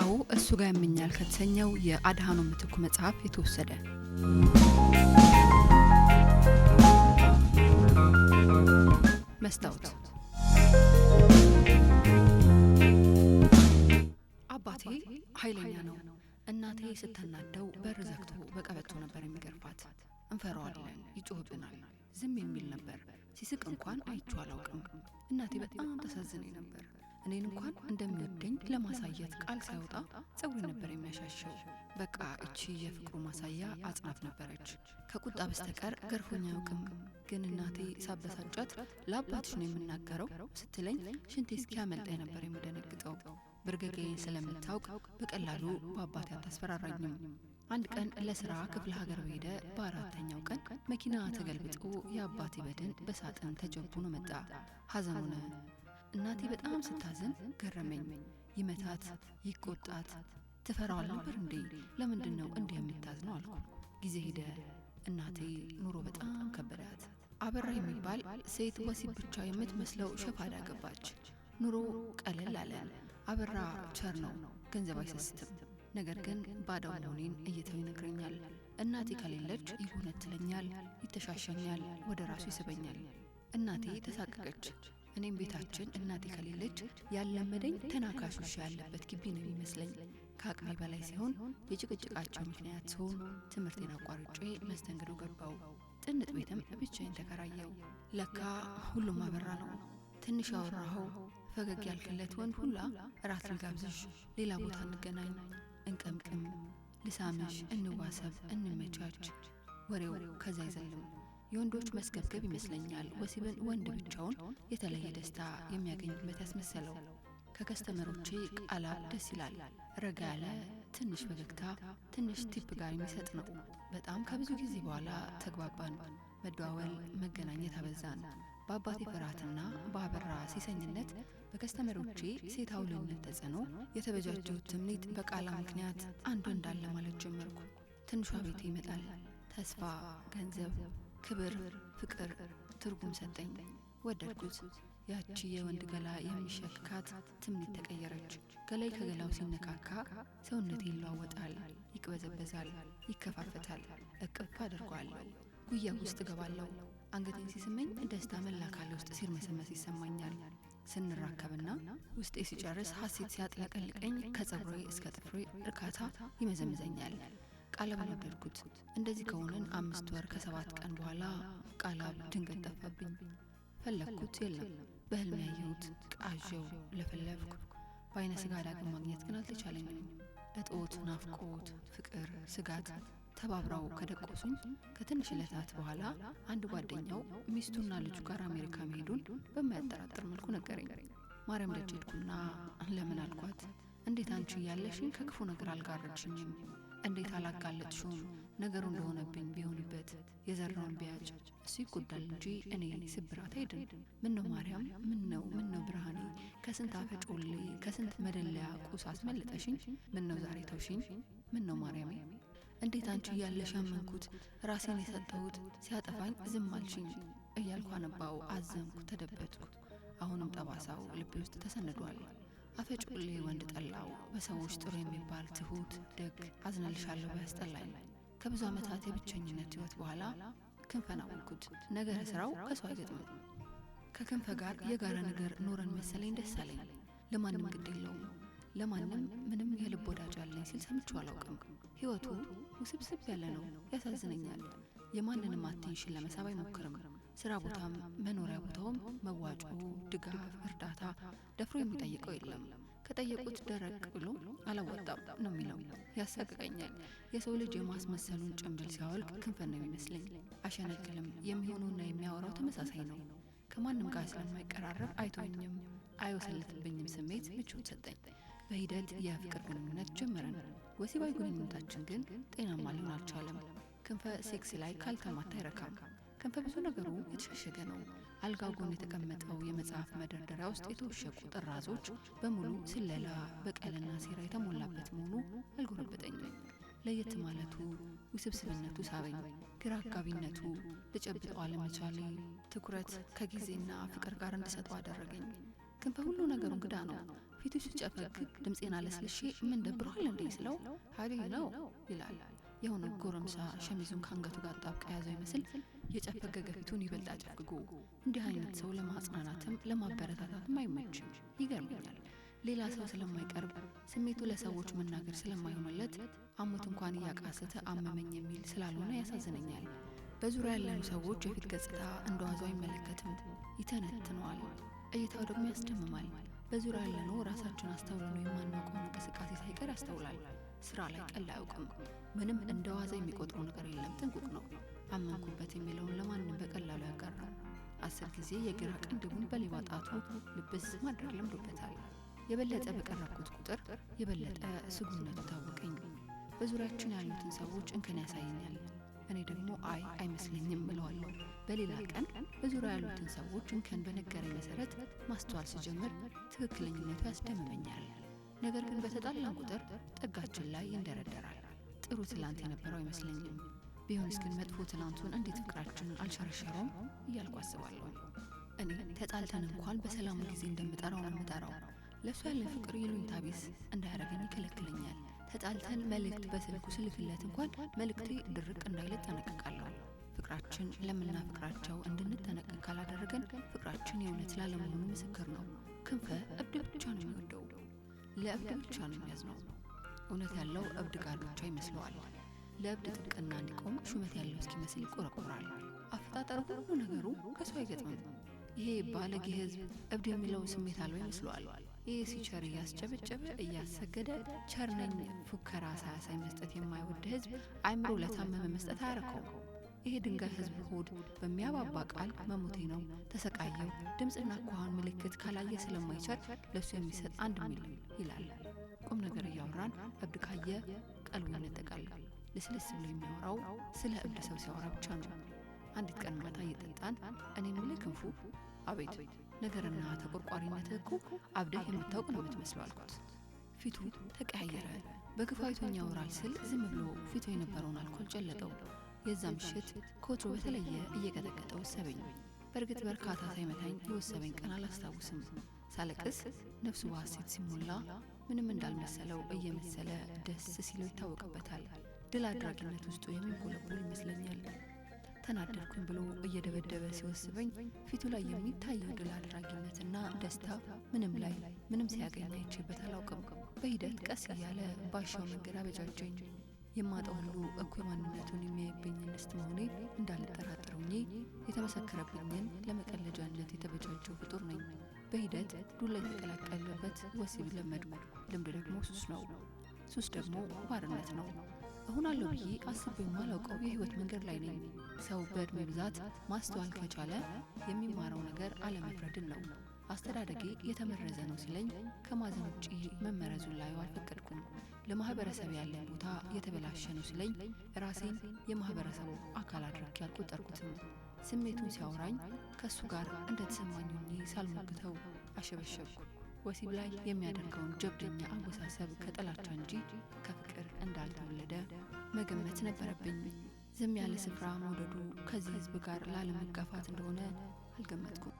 አዎ እሱ ጋር ያመኛል ከተሰኘው የአድሃኖ ምትኩ መጽሐፍ የተወሰደ መስታወት። አባቴ ኃይለኛ ነው። እናቴ ስተናደው በር ዘግቶ በቀበቶ ነበር የሚገርፋት። እንፈራዋለን፣ ይጮህብናል። ዝም የሚል ነበር። ሲስቅ እንኳን አይቼው አላውቅም። እናቴ በጣም ተሳዝነኝ ነበር። እኔን እንኳን እንደሚወደኝ ለማሳየት ቃል ሳይወጣ ጸጉሬ ነበር የሚያሻሸው። በቃ እቺ የፍቅሩ ማሳያ አጽናፍ ነበረች። ከቁጣ በስተቀር ገርፎኝ አያውቅም። ግን እናቴ ሳበሳጫት ለአባትሽ ነው የምናገረው ስትለኝ ሽንቴ እስኪያመልጠኝ ነበር የምደነግጠው። ብርገጌን ስለምታውቅ በቀላሉ በአባቴ አታስፈራራኝም። አንድ ቀን ለስራ ክፍለ ሀገር በሄደ በአራተኛው ቀን መኪና ተገልብጦ የአባቴ በድን በሳጥን ተጀቡኖ መጣ። ሀዘኑን እናቴ በጣም ስታዝን ገረመኝ። ይመታት፣ ይቆጣት፣ ትፈራዋል ነበር እንዴ? ለምንድን ነው እንዲህ የምታዝነው አልኩ። ጊዜ ሄደ። እናቴ ኑሮ በጣም ከበዳት። አበራ የሚባል ሴት ወሲብ ብቻ የምትመስለው ሸፋዳ ገባች። ኑሮ ቀለል አለ። አበራ ቸር ነው፣ ገንዘብ አይሰስትም። ነገር ግን ባዳው መሆኔን እይተው ይነግረኛል። እናቴ ከሌለች ይሆነ ትለኛል፣ ይተሻሸኛል፣ ወደ ራሱ ይስበኛል። እናቴ ተሳቀቀች። እኔም ቤታችን እናቴ ከሌለች ያለመደኝ ተናካሽ ውሻ ያለበት ግቢ ነው የሚመስለኝ። ከአቅሜ በላይ ሲሆን የጭቅጭቃቸው ምክንያት ሲሆን ትምህርቴን አቋርጬ መስተንግዶ ገባው። ጥንጥ ቤትም ብቻዬን ተከራየው። ለካ ሁሉም አበራ ነው። ትንሽ ያወራኸው ፈገግ ያልክለት ወንድ ሁላ እራት ልጋብዝሽ፣ ሌላ ቦታ እንገናኝ፣ እንቀምቅም፣ ልሳምሽ፣ እንዋሰብ፣ እንመቻች። ወሬው ከዛ አይዘልም። የወንዶች መስገብገብ ይመስለኛል ወሲብን ወንድ ብቻውን የተለየ ደስታ የሚያገኝበት ያስመሰለው። ከከስተመሮቼ ቃላ ደስ ይላል። ረጋ ያለ ትንሽ ፈገግታ ትንሽ ቲፕ ጋር የሚሰጥ ነው። በጣም ከብዙ ጊዜ በኋላ ተግባባን። መደዋወል፣ መገናኘት አበዛን። በአባቴ ፍርሃትና በአበራ ሴሰኝነት በከስተመሮቼ ሴት አውልነት ተጽዕኖ የተበጃጀው ትምኒት በቃላ ምክንያት አንዱ እንዳለ ማለት ጀመርኩ። ትንሿ ቤቴ ይመጣል። ተስፋ ገንዘብ ክብር፣ ፍቅር ትርጉም ሰጠኝ። ወደድኩት። ያቺ የወንድ ገላ የሚሸካት ትምኒት ተቀየረች። ገላይ ከገላው ሲነካካ ሰውነቴ ይለዋወጣል፣ ይቅበዘበዛል፣ ይከፋፈታል። እቅፍ አድርጓለሁ። ጉያ ውስጥ እገባለሁ። አንገቴን ሲስመኝ ደስታ መላ ውስጥ ሲርመሰመስ ይሰማኛል። ስንራከብና ውስጤ ሲጨርስ ሀሴት ሲያጥለቀልቀኝ ከጸጉሬ እስከ ጥፍሬ እርካታ ይመዘምዘኛል። ቃለብ ነገርኩት። እንደዚህ ከሆነን አምስት ወር ከሰባት ቀን በኋላ ቃላብ ድንገት ጠፋብኝ። ፈለግኩት፣ የለም። በህልም ያየሁት ቃዣው ለፈለፍኩ። በአይነ ስጋ ዳግም ማግኘት ግን አልተቻለኝም። እጦት፣ ናፍቆት፣ ፍቅር፣ ስጋት ተባብረው ከደቆሱኝ ከትንሽ ዕለታት በኋላ አንድ ጓደኛው ሚስቱና ልጁ ጋር አሜሪካ መሄዱን በማያጠራጥር መልኩ ነገረኝ። ማርያም ደጅ ሄድኩና ለምን አልኳት፣ እንዴት አንቺ እያለሽኝ ከክፉ ነገር አልጋረችኝም እንዴት አላጋለጥሽውም? ነገሩ እንደሆነብኝ ቢሆንበት የዘራውን ቢያጭ እሱ ይጎዳል እንጂ እኔ ስብራት አይደል። ምን ነው ማርያም፣ ምን ነው ምን ነው ብርሃኔ፣ ከስንት አፈጮሌ ከስንት መደለያ ቁስ አስመልጠሽኝ። ምን ነው ዛሬ ተውሽኝ? ምን ነው ማርያሜ፣ እንዴት አንቺ እያለሽ ያመንኩት ራሴን የሰጠሁት ሲያጠፋኝ ዝም አልሽኝ እያልኩ አነባው፣ አዘንኩ፣ ተደበጥኩ። አሁንም ጠባሳው ልቤ ውስጥ ተሰንዷል። አፈጩሌ ወንድ ጠላው በሰዎች ጥሩ የሚባል ትሁት ደግ አዝናልሻለሁ ባያስጠላኝ ከብዙ ዓመታት የብቸኝነት ህይወት በኋላ ክንፈን አወቅኩት። ነገረ ስራው ከሰው አይገጥምም። ከክንፈ ጋር የጋራ ነገር ኖረን መሰለኝ ደስ አለኝ። ለማንም ግድ የለውም ለማንም ምንም የልብ ወዳጅ አለኝ ሲል ሰምቼው አላውቅም። ህይወቱ ውስብስብ ያለ ነው፣ ያሳዝነኛል። የማንንም አቴንሽን ለመሳብ አይሞክርም። ስራ ቦታም መኖሪያ ቦታውም መዋጮ፣ ድጋፍ፣ እርዳታ ደፍሮ የሚጠይቀው የለም። ከጠየቁት ደረቅ ብሎ አላወጣም ነው የሚለው። ያሳቅቀኛል። የሰው ልጅ የማስመሰሉን ጭንብል ሲያወልቅ ክንፈን ነው የሚመስለኝ። አሸነግልም። የሚሆነውና የሚያወራው ተመሳሳይ ነው። ከማንም ጋር ስለማይቀራረብ አይቶኝም፣ አይወሰልትብኝም ስሜት ምቾት ሰጠኝ። በሂደት የፍቅር ግንኙነት ጀመረን። ወሲባዊ ግንኙነታችን ግን ጤናማ ሊሆን አልቻለም። ክንፈ ሴክስ ላይ ካልተማታ አይረካም። ክንፈ ብዙ ነገሩ የተሸሸገ ነው። አልጋ ጎን የተቀመጠው የመጽሐፍ መደርደሪያ ውስጥ የተወሸቁ ጥራዞች በሙሉ ስለላ፣ በቀልና ሴራ የተሞላበት መሆኑ አልጎረበጠኝም። ለየት ማለቱ፣ ውስብስብነቱ ሳበኝ። ግራ አጋቢነቱ፣ ልጨብጠው አለመቻሌ ትኩረት ከጊዜና ፍቅር ጋር እንድሰጠው አደረገኝ። ግን በሁሉ ነገሩ እንግዳ ነው። ፊቱ ሲጨፈግግ ድምፄን አለስልሼ ምን ደብረዋል እንዴ ስለው ሀዲ ነው ይላል። የሆነ ጎረምሳ ሸሚዙን ከአንገቱ ጋር ጣብቃ የያዘው ይመስል የጨፈገገ ፊቱን ይበልጥ አጨፍግጎ፣ እንዲህ አይነት ሰው ለማጽናናትም ለማበረታታትም አይመችም። ይገርመኛል። ሌላ ሰው ስለማይቀርብ ስሜቱ ለሰዎች መናገር ስለማይሆንለት አሞት እንኳን እያቃሰተ አመመኝ የሚል ስላልሆነ ያሳዝነኛል። በዙሪያ ያለኑ ሰዎች የፊት ገጽታ እንደዋዛ አይመለከትም፣ ይተነትነዋል። እይታው ደግሞ ያስደምማል። በዙሪያ ያለነው ራሳችን አስተውለን የማናውቀውን እንቅስቃሴ ሳይቀር ያስተውላል። ስራ ላይ ቀል አያውቅም። ምንም እንደ ዋዛ የሚቆጥረው ነገር የለም። ጥንቁቅ ነው። አመንኩበት የሚለውን ለማንም በቀላሉ ያጋራል። አስር ጊዜ የግራ ቅንድቡን በሌባ ጣቱ ልብስ ማድረግ ለምዶበታል። የበለጠ በቀረብኩት ቁጥር የበለጠ ስጉነቱ ታወቀኝ። በዙሪያችን ያሉትን ሰዎች እንከን ያሳየኛል። እኔ ደግሞ አይ አይመስለኝም እለዋለሁ። በሌላ ቀን በዙሪያ ያሉትን ሰዎች እንከን በነገረኝ መሰረት ማስተዋል ሲጀምር ትክክለኝነቱ ያስደምመኛል። ነገር ግን በተጣላን ቁጥር ጠጋችን ላይ ይንደረደራል። ጥሩ ትላንት የነበረው አይመስለኝም። ቢሆንስ ግን መጥፎ ትላንቱን እንዴት ፍቅራችንን አልሸረሸረውም እያልኩ አስባለሁ። እኔ ተጣልተን እንኳን በሰላሙ ጊዜ እንደምጠራው ነው የምጠራው። ለእሱ ያለን ፍቅር ይሉኝታ ቢስ እንዳያደርገኝ ይከለክለኛል። ተጣልተን መልእክት በስልኩ ስልክለት እንኳን መልእክቴ ድርቅ እንዳይለት እጠነቀቃለሁ። ፍቅራችን ፍቅራቸው እንድንጠነቀቅ ካላደረገን ፍቅራችን የእውነት ላለመሆኑ ምስክር ነው። ክንፈ እብድ ብቻ ነው የሚወደው። ለእብድ ብቻ ነው የሚያዝነው። እውነት ያለው እብድ ጋር ብቻ ይመስለዋል። ለእብድ ጥብቅና እንዲቆም ሹመት ያለው እስኪመስል ይቆረቆራል። አፈጣጠሩ ሁሉ ነገሩ ከሰው አይገጥምም። ይሄ ባለጌ ህዝብ እብድ የሚለው ስሜት አልባ ይመስለዋል። ይህ ሲቸር እያስጨበጨበ እያሰገደ ቸርነኝ ፉከራ ሳያሳይ መስጠት የማይወድ ህዝብ አይምሮ ለታመመ መስጠት አያረከውም። ይሄ ድንጋይ ህዝብ ሆድ በሚያባባ ቃል መሞቴ ነው ተሰቃየው። ድምፅና ኳኋን ምልክት ካላየ ስለማይቻል ለእሱ የሚሰጥ አንድ ሚል ይላል። ቁም ነገር እያወራን እብድ ካየ ቀልቡ ይነጠቃል። ልስልስ ብሎ የሚያወራው ስለ እብድ ሰው ሲያወራ ብቻ ነው። አንዲት ቀን ማታ እየጠጣን እኔ የምልህ ክንፉ፣ አቤት ነገርና ተቆርቋሪነትህ እኮ አብደህ የምታውቅ ነው የምትመስለው አልኩት። ፊቱ ተቀያየረ። በግፋዊቶኛ ወራል ስል ዝም ብሎ ፊቱ የነበረውን አልኮል ጨለጠው። የዛ ምሽት ከወትሮ በተለየ እየቀጠቀጠ ወሰበኝ። በእርግጥ በርካታ ሳይመታኝ የወሰበኝ ቀን አላስታውስም። ሳለቅስ ነፍሱ በሐሴት ሲሞላ ምንም እንዳልመሰለው እየመሰለ ደስ ሲለው ይታወቅበታል። ድል አድራጊነት ውስጡ የሚንቦለቦል ይመስለኛል። ተናደድኩኝ ብሎ እየደበደበ ሲወስበኝ ፊቱ ላይ የሚታየው ድል አድራጊነትና ደስታ ምንም ላይ ምንም ሲያገኝ አይቼበት አላውቅም። በሂደት ቀስ እያለ ባሻው መንገድ አበጃጀኝ። የማጣው ሁሉ እኩይ ማንነቱን የሚያይብኝ እንስት መሆኔ እንዳልጠራጠር ሆኜ የተመሰከረብኝን ለመቀለጃነት የተበጃጀው ፍጡር ነኝ። በሂደት ዱላ የተቀላቀለበት ወሲብ ለመድኩ። ልምድ ደግሞ ሱስ ነው። ሱስ ደግሞ ባርነት ነው። አሁን አለው ብዬ አስቤ የማላውቀው የህይወት መንገድ ላይ ነኝ። ሰው በእድሜ ብዛት ማስተዋል ከቻለ የሚማረው ነገር አለመፍረድን ነው። አስተዳደጌ የተመረዘ ነው ሲለኝ ከማዘን ውጪ መመረዙን ላዩ አልፈቀድኩም። ለማህበረሰብ ያለ ቦታ የተበላሸ ነው ሲለኝ ራሴን የማህበረሰቡ አካል አድርጌ አልቆጠርኩትም። ስሜቱን ሲያወራኝ ከእሱ ጋር እንደተሰማኝ ሆኜ ሳልሞግተው አሸበሸብኩ። ወሲብ ላይ የሚያደርገውን ጀብደኛ አወሳሰብ ከጠላቻ እንጂ ከፍቅር እንዳልተወለደ መገመት ነበረብኝ። ዝም ያለ ስፍራ መውደዱ ከዚህ ህዝብ ጋር ላለመጋፋት እንደሆነ አልገመትኩም።